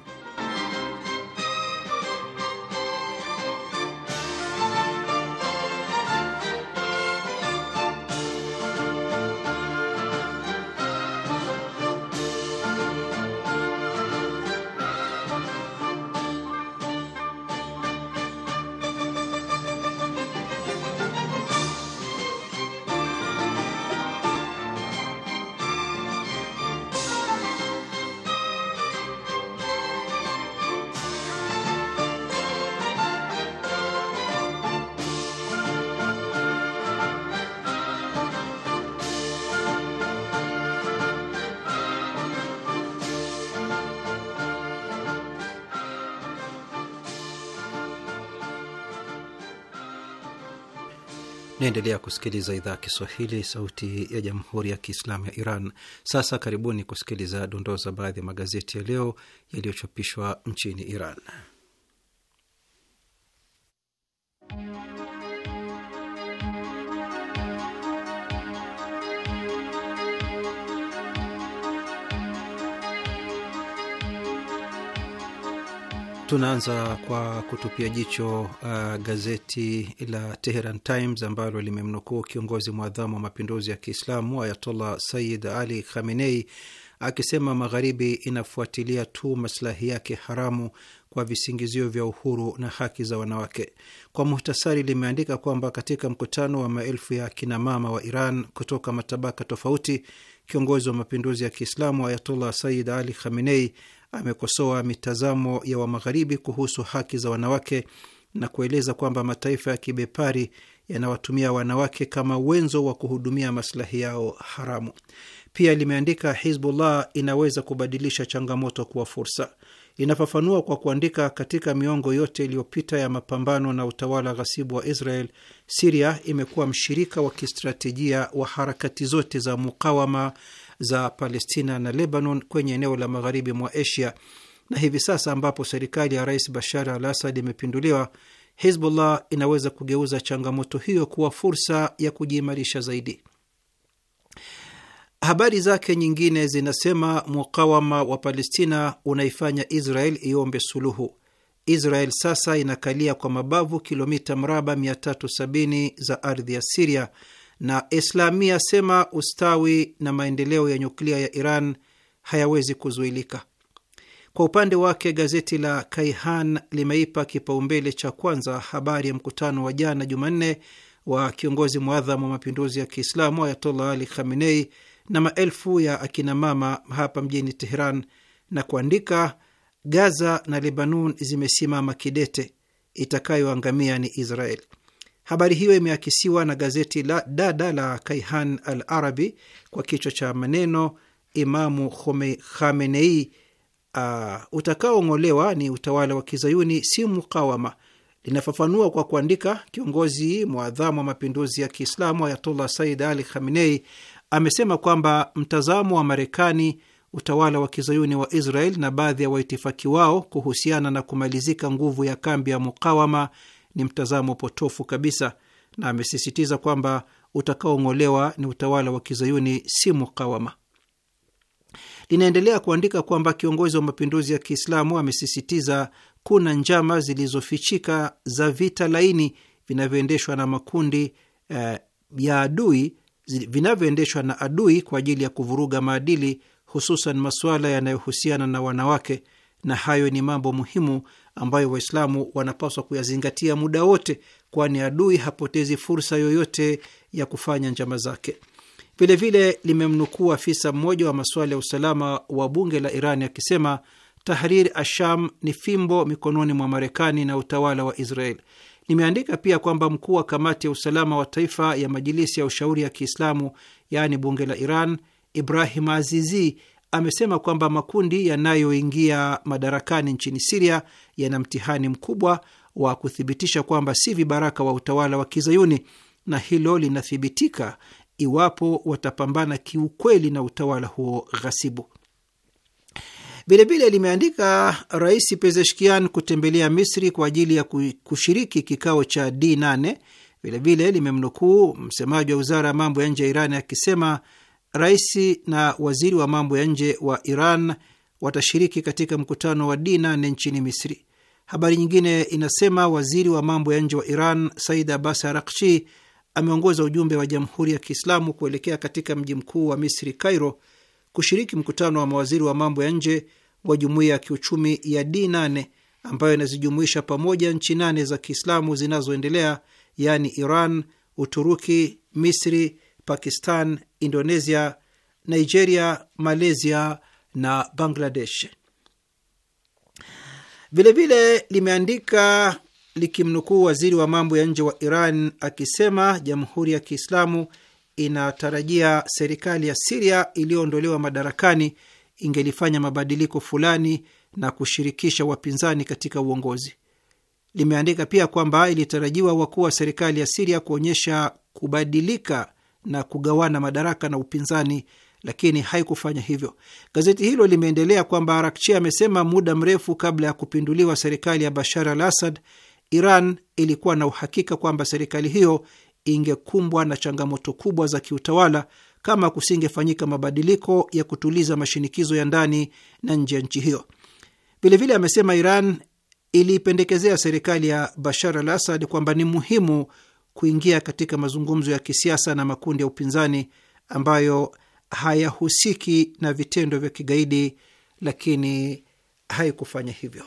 Naendelea kusikiliza idhaa ya Kiswahili, sauti ya jamhuri ya kiislamu ya Iran. Sasa karibuni kusikiliza dondoo za baadhi ya magazeti ya leo yaliyochapishwa nchini Iran. Tunaanza kwa kutupia jicho uh, gazeti la Teheran Times ambalo limemnukuu kiongozi mwadhamu wa mapinduzi ya Kiislamu Ayatollah Sayyid Ali Khamenei akisema Magharibi inafuatilia tu maslahi yake haramu kwa visingizio vya uhuru na haki za wanawake. Kwa muhtasari, limeandika kwamba katika mkutano wa maelfu ya kinamama wa Iran kutoka matabaka tofauti kiongozi wa mapinduzi ya Kiislamu ayatullah Sayyid Ali Khamenei amekosoa mitazamo ya Wamagharibi kuhusu haki za wanawake na kueleza kwamba mataifa ya kibepari yanawatumia wanawake kama wenzo wa kuhudumia maslahi yao haramu. Pia limeandika Hizbullah inaweza kubadilisha changamoto kuwa fursa inafafanua kwa kuandika, katika miongo yote iliyopita ya mapambano na utawala ghasibu wa Israel, Siria imekuwa mshirika wa kistratejia wa harakati zote za mukawama za Palestina na Lebanon kwenye eneo la magharibi mwa Asia, na hivi sasa ambapo serikali ya Rais Bashar al Assad imepinduliwa, Hizbullah inaweza kugeuza changamoto hiyo kuwa fursa ya kujiimarisha zaidi. Habari zake nyingine zinasema mukawama wa Palestina unaifanya Israel iombe suluhu. Israel sasa inakalia kwa mabavu kilomita mraba 370 za ardhi ya Siria, na Islamia sema ustawi na maendeleo ya nyuklia ya Iran hayawezi kuzuilika. Kwa upande wake gazeti la Kaihan limeipa kipaumbele cha kwanza habari ya mkutano wa jana Jumanne wa kiongozi mwadhamu wa mapinduzi ya Kiislamu Ayatollah Ali Khamenei na maelfu ya akinamama hapa mjini Teheran na kuandika, Gaza na Lebanon zimesimama kidete, itakayoangamia ni Israel. Habari hiyo imeakisiwa na gazeti la dada la Kaihan Al Arabi kwa kichwa cha maneno Imamu Khamenei uh, utakaong'olewa ni utawala wa kizayuni si mukawama. Linafafanua kwa kuandika, kiongozi mwadhamu wa mapinduzi ya Kiislamu Ayatollah Said Ali Khamenei amesema kwamba mtazamo wa Marekani, utawala wa kizayuni wa Israel na baadhi ya waitifaki wao kuhusiana na kumalizika nguvu ya kambi ya mukawama ni mtazamo potofu kabisa, na amesisitiza kwamba utakaong'olewa ni utawala wa kizayuni, si mukawama. Linaendelea kuandika kwamba kiongozi wa mapinduzi ya Kiislamu amesisitiza kuna njama zilizofichika za vita laini vinavyoendeshwa na makundi eh, ya adui vinavyoendeshwa na adui kwa ajili ya kuvuruga maadili, hususan masuala yanayohusiana na wanawake, na hayo ni mambo muhimu ambayo Waislamu wanapaswa kuyazingatia muda wote, kwani adui hapotezi fursa yoyote ya kufanya njama zake. Vilevile limemnukuu afisa mmoja wa masuala ya usalama wa bunge la iran akisema Tahrir Asham ni fimbo mikononi mwa Marekani na utawala wa Israel nimeandika pia kwamba mkuu wa kamati ya usalama wa taifa ya majilisi ya ushauri ya Kiislamu, yaani bunge la Iran, Ibrahim Azizi amesema kwamba makundi yanayoingia madarakani nchini Siria yana mtihani mkubwa wa kuthibitisha kwamba si vibaraka wa utawala wa Kizayuni, na hilo linathibitika iwapo watapambana kiukweli na utawala huo ghasibu. Vilevile limeandika Rais Pezeshkian kutembelea Misri kwa ajili ya kushiriki kikao cha D8. Vilevile limemnukuu msemaji wa wizara ya mambo ya nje ya Iran akisema rais na waziri wa mambo ya nje wa Iran watashiriki katika mkutano wa D8 nchini Misri. Habari nyingine inasema waziri wa mambo ya nje wa Iran Said Abbas Arakchi ameongoza ujumbe wa Jamhuri ya Kiislamu kuelekea katika mji mkuu wa Misri, Cairo, kushiriki mkutano wa mawaziri wa mambo ya nje wa jumuiya ya kiuchumi ya D8 ambayo inazijumuisha pamoja nchi nane za Kiislamu zinazoendelea yaani Iran, Uturuki, Misri, Pakistan, Indonesia, Nigeria, Malaysia na Bangladesh. Vilevile limeandika likimnukuu waziri wa mambo ya nje wa Iran akisema jamhuri ya Kiislamu inatarajia serikali ya Siria iliyoondolewa madarakani ingelifanya mabadiliko fulani na kushirikisha wapinzani katika uongozi. Limeandika pia kwamba ilitarajiwa wakuu wa serikali ya Siria kuonyesha kubadilika na kugawana madaraka na upinzani, lakini haikufanya hivyo. Gazeti hilo limeendelea kwamba Arakchi amesema muda mrefu kabla ya kupinduliwa serikali ya Bashar al Assad, Iran ilikuwa na uhakika kwamba serikali hiyo ingekumbwa na changamoto kubwa za kiutawala kama kusingefanyika mabadiliko ya kutuliza mashinikizo ya ndani na nje ya nchi hiyo. Vilevile amesema Iran iliipendekezea serikali ya Bashar al Assad kwamba ni muhimu kuingia katika mazungumzo ya kisiasa na makundi ya upinzani ambayo hayahusiki na vitendo vya kigaidi, lakini haikufanya hivyo.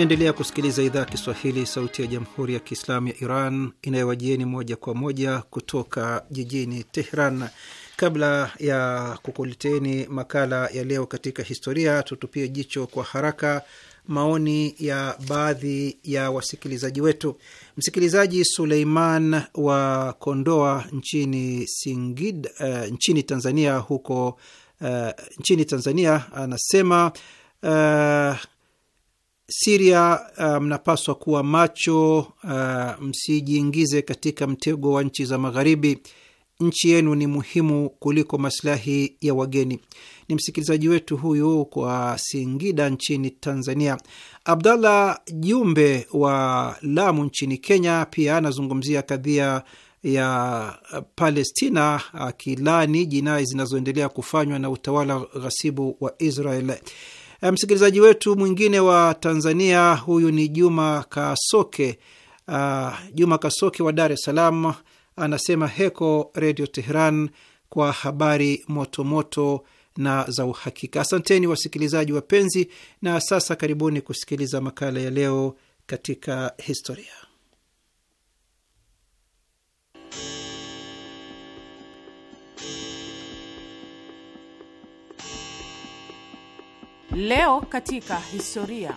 Naendelea kusikiliza idhaa ya Kiswahili, sauti ya jamhuri ya kiislamu ya Iran inayowajieni moja kwa moja kutoka jijini Tehran. Kabla ya kukuleteni makala ya leo katika historia, tutupie jicho kwa haraka maoni ya baadhi ya wasikilizaji wetu. Msikilizaji Suleiman wa Kondoa nchini Singid, uh, nchini Tanzania huko, uh, nchini Tanzania anasema uh, Siria uh, mnapaswa um, kuwa macho uh, msijiingize katika mtego wa nchi za magharibi. Nchi yenu ni muhimu kuliko masilahi ya wageni. Ni msikilizaji wetu huyu kwa Singida nchini Tanzania. Abdallah Jumbe wa Lamu nchini Kenya pia anazungumzia kadhia ya Palestina akilani jinai zinazoendelea kufanywa na utawala ghasibu wa Israel. Eh, msikilizaji wetu mwingine wa Tanzania huyu ni Juma Kasoke. Uh, Juma Kasoke wa Dar es Salaam anasema heko Redio Teheran kwa habari motomoto moto na za uhakika. Asanteni wasikilizaji wapenzi, na sasa karibuni kusikiliza makala ya leo katika historia. Leo katika historia.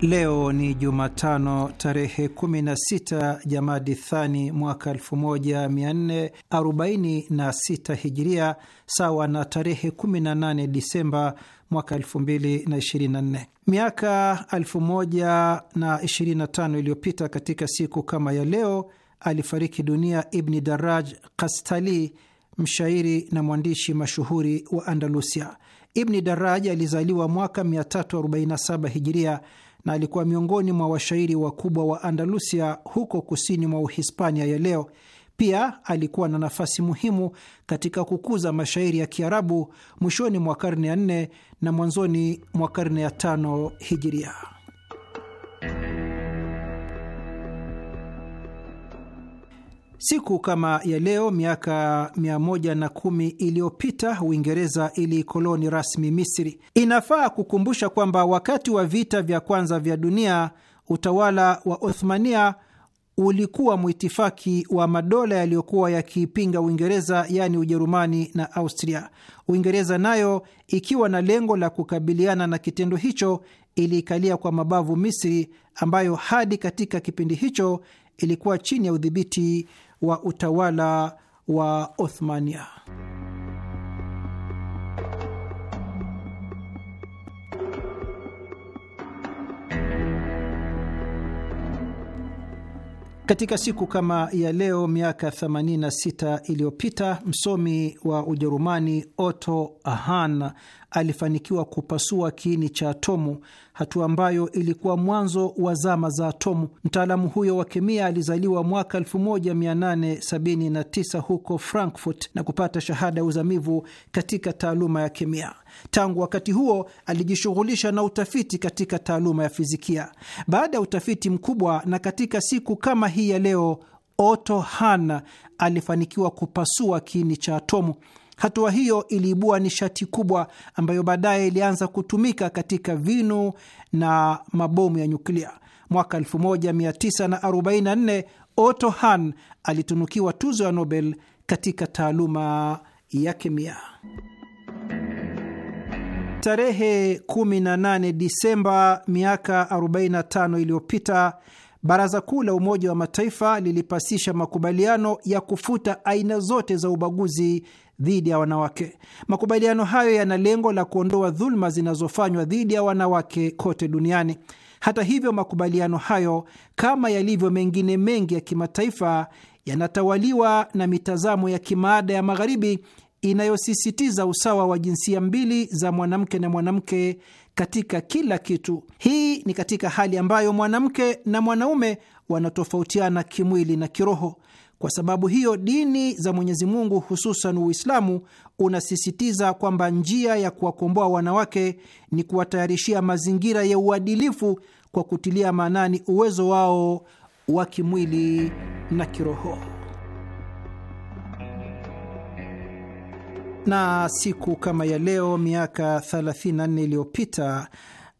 Leo ni Jumatano tarehe 16 Jamadi Thani mwaka 1446 Hijiria, sawa na tarehe 18 Disemba mwaka 2024. Miaka 1025 iliyopita katika siku kama ya leo alifariki dunia Ibni Daraj Kastali, mshairi na mwandishi mashuhuri wa Andalusia. Ibni Daraj alizaliwa mwaka 347 hijiria na alikuwa miongoni mwa washairi wakubwa wa Andalusia huko kusini mwa Uhispania ya leo. Pia alikuwa na nafasi muhimu katika kukuza mashairi ya Kiarabu mwishoni mwa karne ya 4 na mwanzoni mwa karne ya 5 hijiria. Siku kama ya leo miaka 110 iliyopita Uingereza iliikoloni rasmi Misri. Inafaa kukumbusha kwamba wakati wa vita vya kwanza vya dunia utawala wa Othmania ulikuwa mwitifaki wa madola yaliyokuwa yakiipinga Uingereza, yaani Ujerumani na Austria. Uingereza nayo ikiwa na lengo la kukabiliana na kitendo hicho iliikalia kwa mabavu Misri ambayo hadi katika kipindi hicho ilikuwa chini ya udhibiti wa utawala wa Othmania. Katika siku kama ya leo miaka 86 iliyopita msomi wa Ujerumani Otto Hahn alifanikiwa kupasua kiini cha atomu, hatua ambayo ilikuwa mwanzo wa zama za atomu. Mtaalamu huyo wa kemia alizaliwa mwaka 1879 huko Frankfurt na kupata shahada ya uzamivu katika taaluma ya kemia. Tangu wakati huo alijishughulisha na utafiti katika taaluma ya fizikia. Baada ya utafiti mkubwa, na katika siku kama hii ya leo, Otto Hahn alifanikiwa kupasua kiini cha atomu. Hatua hiyo iliibua nishati kubwa ambayo baadaye ilianza kutumika katika vinu na mabomu ya nyuklia. Mwaka 1944 Otto Hahn alitunukiwa tuzo ya Nobel katika taaluma ya kemia. Tarehe 18 Disemba miaka 45 iliyopita Baraza Kuu la Umoja wa Mataifa lilipasisha makubaliano ya kufuta aina zote za ubaguzi dhidi ya wanawake. Makubaliano hayo yana lengo la kuondoa dhuluma zinazofanywa dhidi ya wanawake kote duniani. Hata hivyo, makubaliano hayo kama yalivyo mengine mengi ya kimataifa yanatawaliwa na mitazamo ya kimaada ya Magharibi inayosisitiza usawa wa jinsia mbili za mwanamke na mwanamke katika kila kitu. Hii ni katika hali ambayo mwanamke na mwanaume wanatofautiana kimwili na kiroho. Kwa sababu hiyo, dini za Mwenyezi Mungu, hususan Uislamu, unasisitiza kwamba njia ya kuwakomboa wanawake ni kuwatayarishia mazingira ya uadilifu kwa kutilia maanani uwezo wao wa kimwili na kiroho. Na siku kama ya leo miaka 34 iliyopita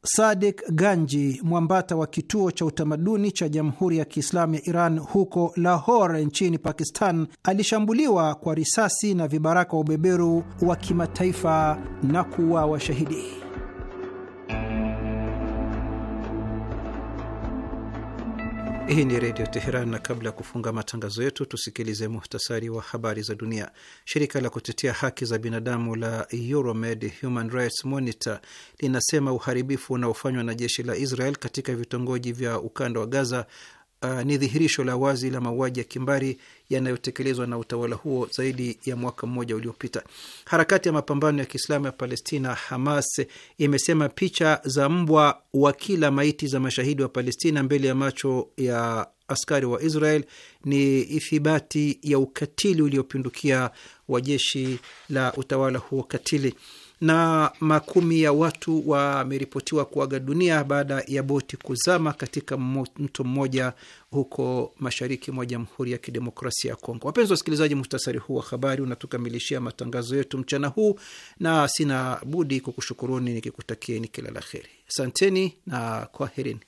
Sadik Ganji, mwambata wa kituo cha utamaduni cha Jamhuri ya Kiislamu ya Iran huko Lahore nchini Pakistan, alishambuliwa kwa risasi na vibaraka wa ubeberu wa kimataifa na kuuawa shahidi. Hii ni Redio Teheran, na kabla ya kufunga matangazo yetu tusikilize muhtasari wa habari za dunia. Shirika la kutetea haki za binadamu la Euromed Human Rights Monitor linasema uharibifu unaofanywa na jeshi la Israel katika vitongoji vya ukanda wa Gaza uh, ni dhihirisho la wazi la mauaji ya kimbari yanayotekelezwa na utawala huo zaidi ya mwaka mmoja uliopita. Harakati ya mapambano ya Kiislamu ya Palestina, Hamas, imesema picha za mbwa wa kila maiti za mashahidi wa Palestina mbele ya macho ya askari wa Israel ni ithibati ya ukatili uliopindukia wa jeshi la utawala huo katili na makumi ya watu wameripotiwa kuaga dunia baada ya boti kuzama katika mto mmoja huko mashariki mwa Jamhuri ya Kidemokrasia ya Kongo. Wapenzi wasikilizaji, muhtasari huu wa habari unatukamilishia matangazo yetu mchana huu, na sina budi kukushukuruni nikikutakieni kila la heri. Asanteni na kwaherini.